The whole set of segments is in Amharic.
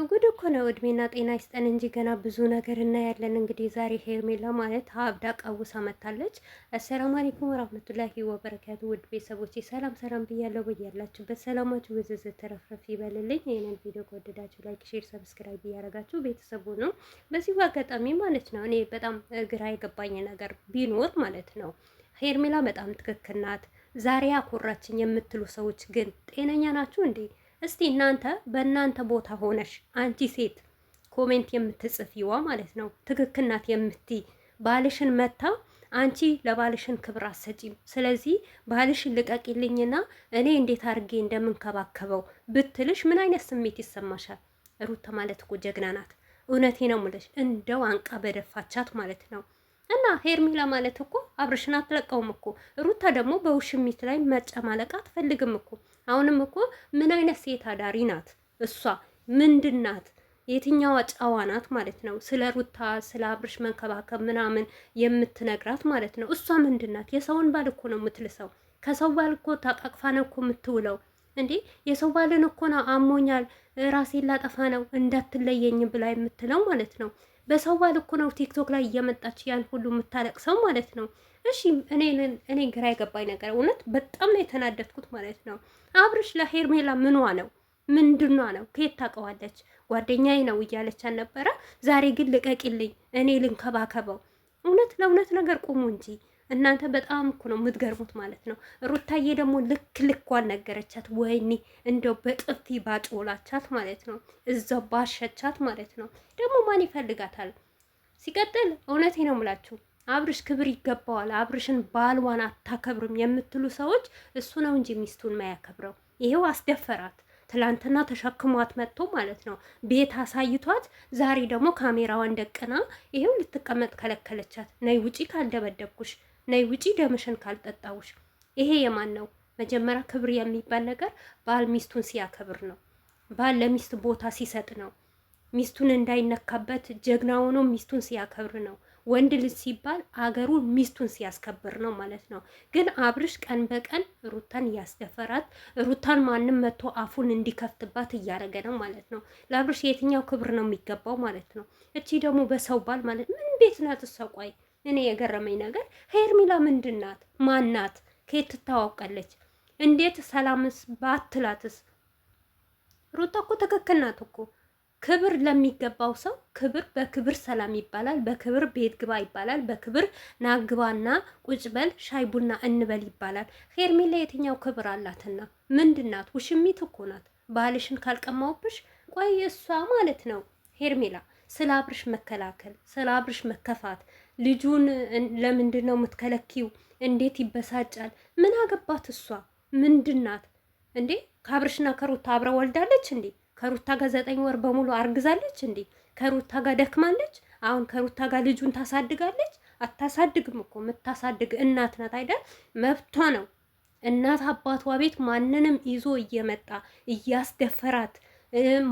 እንጉድ እኮ ነው። እድሜና ጤና ይስጠን እንጂ ገና ብዙ ነገር እናያለን። እንግዲህ ዛሬ ሄርሜላ ማለት አብዳ ቀውሳ መታለች። አሰላሙ አለይኩም ወራህመቱላሂ ወበረካቱ። ውድ ቤተሰቦች ሰላም ሰላም ብያለሁ። በያላችሁበት ሰላማችሁ ብዝዝ ተረፍረፍ ይበልልኝ። ይህንን ቪዲዮ ከወደዳችሁ ላይክ፣ ሼር፣ ሰብስክራይብ እያደረጋችሁ ቤተሰቡ ነው። በዚሁ አጋጣሚ ማለት ነው እኔ በጣም ግራ የገባኝ ነገር ቢኖር ማለት ነው ሄርሜላ በጣም ትክክል ናት። ዛሬ አኮራችን የምትሉ ሰዎች ግን ጤነኛ ናችሁ እንዴ? እስቲ እናንተ በእናንተ ቦታ ሆነሽ አንቺ ሴት ኮሜንት የምትጽፊዋ ማለት ነው ትክክል ናት ባልሽን መታ አንቺ ለባልሽን ክብር አትሰጪም። ስለዚህ ባልሽን ልቀቂልኝና እኔ እንዴት አድርጌ እንደምንከባከበው ብትልሽ ምን አይነት ስሜት ይሰማሻል? ሩታ ማለት እኮ ጀግና ናት። እውነቴ ነው የምልሽ እንደው አንቃ በደፋቻት ማለት ነው። እና ሄርሚላ ማለት እኮ አብርሽን አትለቀውም እኮ። ሩታ ደግሞ በውሽሚት ላይ መጨማለቅ አትፈልግም እኮ። አሁንም እኮ ምን አይነት ሴት አዳሪ ናት እሷ? ምንድን ናት? የትኛዋ ጨዋ ናት ማለት ነው? ስለ ሩታ ስለ አብርሽ መንከባከብ ምናምን የምትነግራት ማለት ነው። እሷ ምንድን ናት? የሰውን ባል እኮ ነው የምትልሰው። ከሰው ባል እኮ ታቃቅፋ ነው እኮ የምትውለው እንዴ። የሰው ባልን እኮ ነው አሞኛል፣ ራሴን ላጠፋ ነው እንዳትለየኝ ብላ የምትለው ማለት ነው። በሰው ባል እኮ ነው ቲክቶክ ላይ እየመጣች ያን ሁሉ የምታለቅሰው ማለት ነው። እሺ እኔ ግራ የገባኝ ነገር እውነት በጣም ነው የተናደድኩት ማለት ነው። አብርሽ ለሄርሜላ ምኗ ነው ምንድኗ ነው? ከየት ታውቀዋለች? ጓደኛዬ ነው እያለች አልነበረ? ዛሬ ግን ልቀቂልኝ፣ እኔ ልንከባከበው። እውነት ለእውነት ነገር ቁሙ እንጂ እናንተ በጣም እኮ ነው የምትገርሙት ማለት ነው። ሩታዬ ደግሞ ልክ ልኳን ነገረቻት። ወይኔ እንደው በጥፊ ባጮላቻት ማለት ነው። እዛው ባሸቻት ማለት ነው። ደግሞ ማን ይፈልጋታል? ሲቀጥል እውነቴ ነው የምላችሁ አብርሽ ክብር ይገባዋል። አብርሽን ባልዋን አታከብርም የምትሉ ሰዎች እሱ ነው እንጂ ሚስቱን ማያከብረው። ይሄው አስደፈራት። ትላንትና ተሸክሟት መጥቶ ማለት ነው ቤት አሳይቷት፣ ዛሬ ደግሞ ካሜራዋን ደቅና ይሄው ልትቀመጥ ከለከለቻት። ነይ ውጪ ካልደበደብኩሽ ነይ ውጪ፣ ደምሽን ካልጠጣውሽ። ይሄ የማን ነው? መጀመሪያ ክብር የሚባል ነገር ባል ሚስቱን ሲያከብር ነው። ባል ለሚስት ቦታ ሲሰጥ ነው። ሚስቱን እንዳይነካበት ጀግና ሆኖ ሚስቱን ሲያከብር ነው። ወንድ ልጅ ሲባል አገሩ ሚስቱን ሲያስከብር ነው ማለት ነው። ግን አብርሽ ቀን በቀን ሩታን እያስደፈራት፣ ሩታን ማንም መጥቶ አፉን እንዲከፍትባት እያደረገ ነው ማለት ነው። ለአብርሽ የትኛው ክብር ነው የሚገባው ማለት ነው? እቺ ደግሞ በሰው ባል ማለት ምን ቤት ናት? እኔ የገረመኝ ነገር ሄርሜላ ምንድናት? ማናት? ከየት ትታወቃለች? እንዴት ሰላምስ ባትላትስ? ሩታ እኮ ትክክል ናት እኮ ክብር ለሚገባው ሰው ክብር በክብር ሰላም ይባላል፣ በክብር ቤት ግባ ይባላል፣ በክብር ናግባና ቁጭ በል ሻይ ቡና እንበል ይባላል። ሄርሚላ የትኛው ክብር አላትና ምንድን ናት? ውሽሚት እኮ ናት። ባልሽን ካልቀማውብሽ ቆይ እሷ ማለት ነው ሄርሜላ ስለ አብርሽ መከላከል፣ ስለ አብርሽ መከፋት፣ ልጁን ለምንድን ነው የምትከለኪው? እንዴት ይበሳጫል? ምን አገባት እሷ ምንድናት እንዴ? ከአብርሽና ከሩታ አብረ ወልዳለች እንዴ? ከሩታ ጋር ዘጠኝ ወር በሙሉ አርግዛለች እንዴ? ከሩታ ጋር ደክማለች። አሁን ከሩታ ጋር ልጁን ታሳድጋለች? አታሳድግም እኮ የምታሳድግ እናት ናት አይደል? መብቷ ነው። እናት አባቷ ቤት ማንንም ይዞ እየመጣ እያስደፈራት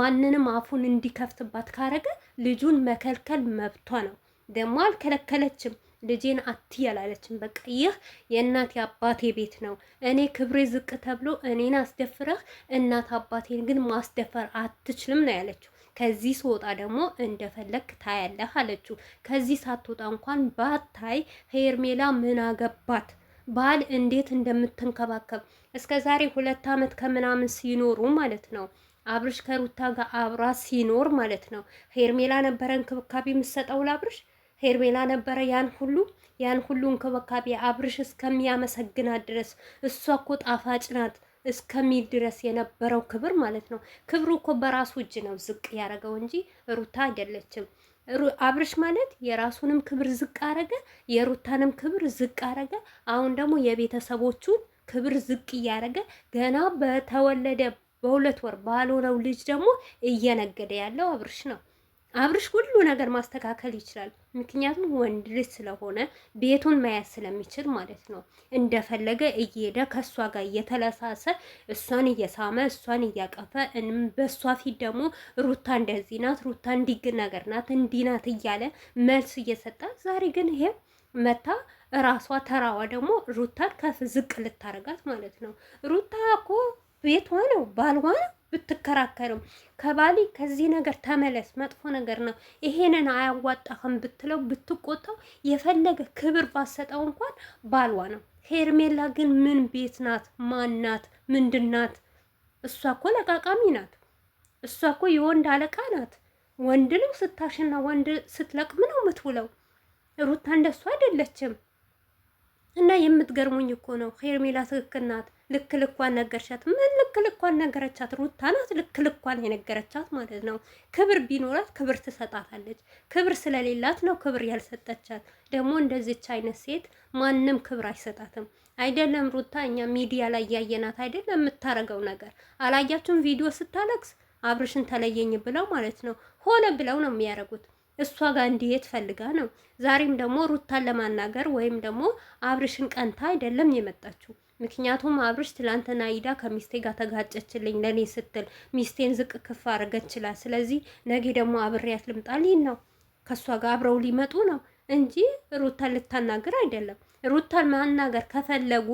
ማንንም አፉን እንዲከፍትባት ካረገ ልጁን መከልከል መብቷ ነው። ደግሞ አልከለከለችም። ልጄን አትያላለችም። በቃ ይህ የእናት አባቴ ቤት ነው። እኔ ክብሬ ዝቅ ተብሎ እኔን አስደፍረህ እናት አባቴን ግን ማስደፈር አትችልም ነው ያለችው። ከዚህ ስወጣ ደግሞ እንደፈለግ ታያለህ አለችው። ከዚህ ሳትወጣ እንኳን ባታይ ሄርሜላ ምን አገባት ባል እንዴት እንደምትንከባከብ እስከ ዛሬ ሁለት ዓመት ከምናምን ሲኖሩ ማለት ነው አብርሽ ከሩታ ጋር አብራ ሲኖር ማለት ነው። ሄርሜላ ነበረ እንክብካቤ የምትሰጠው ለአብርሽ ሄርሜላ ነበረ ያን ሁሉ ያን ሁሉ እንክብካቤ አብርሽ እስከሚያመሰግናት ድረስ እሷ እኮ ጣፋጭ ናት እስከሚል ድረስ የነበረው ክብር ማለት ነው። ክብሩ እኮ በራሱ እጅ ነው ዝቅ ያደረገው እንጂ ሩታ አይደለችም። አብርሽ ማለት የራሱንም ክብር ዝቅ አረገ፣ የሩታንም ክብር ዝቅ አረገ። አሁን ደግሞ የቤተሰቦቹን ክብር ዝቅ እያደረገ ገና በተወለደ በሁለት ወር ባልሆነው ልጅ ደግሞ እየነገደ ያለው አብርሽ ነው። አብርሽ ሁሉ ነገር ማስተካከል ይችላል። ምክንያቱም ወንድ ልጅ ስለሆነ ቤቱን መያዝ ስለሚችል ማለት ነው። እንደፈለገ እየሄደ ከእሷ ጋር እየተለሳሰ እሷን እየሳመ እሷን እያቀፈ በእሷ ፊት ደግሞ ሩታ እንደዚህ ናት፣ ሩታ እንዲግ ነገር ናት፣ እንዲህ ናት እያለ መልስ እየሰጠ ዛሬ ግን ይሄ መታ እራሷ ተራዋ ደግሞ ሩታን ከፍ ዝቅ ልታረጋት ማለት ነው ሩታ እኮ ቤቷ ነው ባልዋ ነው ብትከራከርም ከባሌ ከዚህ ነገር ተመለስ፣ መጥፎ ነገር ነው፣ ይሄንን አያዋጣህም ብትለው ብትቆጣው፣ የፈለገ ክብር ባሰጠው እንኳን ባልዋ ነው። ሄርሜላ ግን ምን ቤት ናት? ማን ናት? እሷ እኮ ለቃቃሚ ናት። እሷ እኮ የወንድ አለቃ ናት። ወንድ ነው ስታሽና ወንድ ስትለቅም ነው የምትውለው። ሩታ እንደሷ አይደለችም። እና የምትገርሙኝ እኮ ነው ሄርሜላ ትክክል ናት። ልክ ልኳን ነገርቻት። ምን ልክ ልኳን ነገረቻት? ሩታ ናት ልክ ልኳን የነገረቻት ማለት ነው። ክብር ቢኖራት ክብር ትሰጣታለች። ክብር ስለሌላት ነው ክብር ያልሰጠቻት። ደግሞ እንደዚች አይነት ሴት ማንም ክብር አይሰጣትም። አይደለም ሩታ እኛ ሚዲያ ላይ ያየናት አይደለም የምታረገው ነገር። አላያችሁም? ቪዲዮ ስታለቅስ አብርሽን ተለየኝ ብለው ማለት ነው ሆነ ብለው ነው የሚያደርጉት። እሷ ጋር እንዲሄድ ፈልጋ ነው። ዛሬም ደግሞ ሩታን ለማናገር ወይም ደግሞ አብርሽን ቀንታ አይደለም የመጣችው። ምክንያቱም አብርሽ ትላንትና ሂዳ ከሚስቴ ጋር ተጋጨችልኝ ለኔ ስትል ሚስቴን ዝቅ ክፍ አድርገችላል። ስለዚህ ነገ ደግሞ አብሬያት ልምጣልኝ ነው ከእሷ ጋር አብረው ሊመጡ ነው እንጂ ሩታን ልታናገር አይደለም። ሩታን ማናገር ከፈለጉ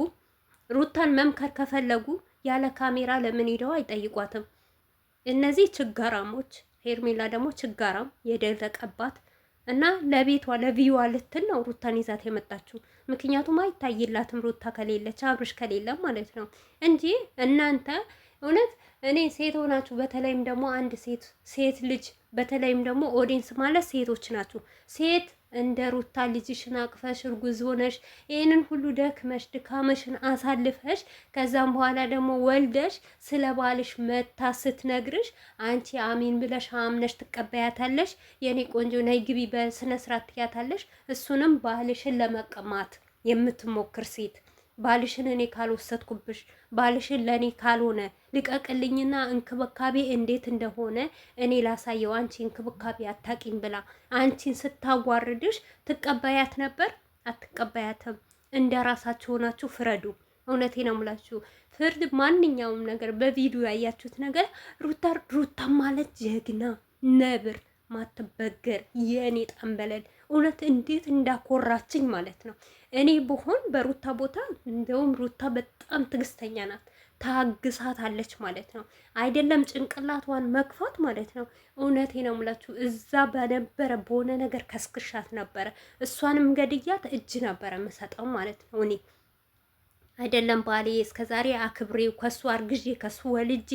ሩታን መምከር ከፈለጉ ያለ ካሜራ ለምን ሄደው አይጠይቋትም? እነዚህ ችጋራሞች ሄርሜላ ደግሞ ችጋራም የደረቀባት እና ለቤቷ ለቪዋ ልትል ነው ሩታን ይዛት የመጣችው። ምክንያቱም አይታይላትም ሩታ ከሌለች አብርሽ ከሌለ ማለት ነው እንጂ እናንተ እውነት እኔ ሴት ሆናችሁ በተለይም ደግሞ አንድ ሴት ሴት ልጅ በተለይም ደግሞ ኦዲንስ ማለት ሴቶች ናችሁ ሴት እንደ ሩታ ልጅሽን አቅፈሽ እርጉዝ ሆነሽ ይህንን ሁሉ ደክመሽ ድካመሽን አሳልፈሽ ከዛም በኋላ ደግሞ ወልደሽ ስለ ባልሽ መታ ስትነግርሽ አንቺ አሚን ብለሽ አምነሽ ትቀበያታለሽ። የኔ ቆንጆ ነይ ግቢ በስነ ስርዓት ትያታለሽ። እሱንም ባልሽን ለመቀማት የምትሞክር ሴት ባልሽን እኔ ካልወሰድኩብሽ፣ ባልሽን ለእኔ ካልሆነ ልቀቅልኝና እንክብካቤ እንዴት እንደሆነ እኔ ላሳየው። አንቺ እንክብካቤ አታቂም ብላ አንቺን ስታዋርድሽ ትቀበያት ነበር? አትቀበያትም። እንደ ራሳችሁ ሆናችሁ ፍረዱ። እውነቴ ነው የምላችሁ። ፍርድ ማንኛውም ነገር በቪዲዮ ያያችሁት ነገር ሩታ ሩታ ማለት ጀግና ነብር ማትበገር የእኔ ጠንበለል እውነት እንዴት እንዳኮራችኝ ማለት ነው። እኔ ብሆን በሩታ ቦታ እንደውም ሩታ በጣም ትግስተኛ ናት፣ ታግሳት አለች ማለት ነው። አይደለም ጭንቅላቷን መግፋት ማለት ነው። እውነቴ ነው የምላችሁ እዛ በነበረ በሆነ ነገር ከስክሻት ነበረ። እሷንም ገድያት እጅ ነበረ የምሰጠው ማለት ነው እኔ አይደለም ባሌ እስከዛሬ አክብሬ ከሱ አርግዤ ከሱ ወልጄ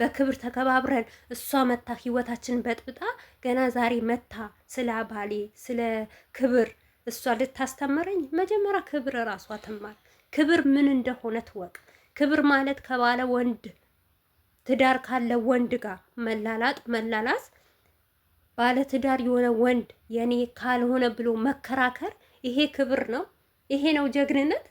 በክብር ተከባብረን እሷ መታ ህይወታችንን በጥብጣ ገና ዛሬ መታ ስለ ባሌ ስለ ክብር እሷ ልታስተምረኝ። መጀመሪያ ክብር ራሷ ትማር። ክብር ምን እንደሆነ ትወቅ። ክብር ማለት ከባለ ወንድ ትዳር ካለ ወንድ ጋር መላላጥ መላላስ ባለ ትዳር የሆነ ወንድ የኔ ካልሆነ ብሎ መከራከር፣ ይሄ ክብር ነው? ይሄ ነው ጀግንነት?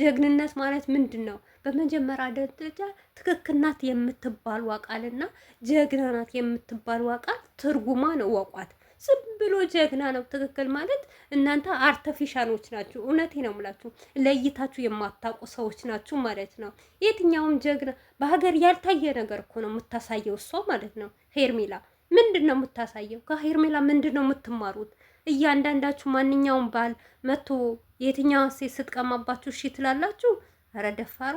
ጀግንነት ማለት ምንድን ነው? በመጀመሪያ ደረጃ ትክክል ናት የምትባል ዋቃልና ጀግና ናት የምትባል ዋቃል ትርጉሟን እወቋት። ዝም ብሎ ጀግና ነው ትክክል ማለት እናንተ አርተፊሻሎች ናችሁ። እውነቴ ነው ምላችሁ ለይታችሁ የማታውቁ ሰዎች ናችሁ ማለት ነው። የትኛውም ጀግና በሀገር ያልታየ ነገር እኮ ነው የምታሳየው እሷ ማለት ነው። ሄርሜላ ምንድን ነው የምታሳየው? ከሄርሜላ ምንድን ነው የምትማሩት? እያንዳንዳችሁ ማንኛውም ባል መቶ የትኛውን ሴት ስትቀማባችሁ እሺ ትላላችሁ? ኧረ ደፋሩ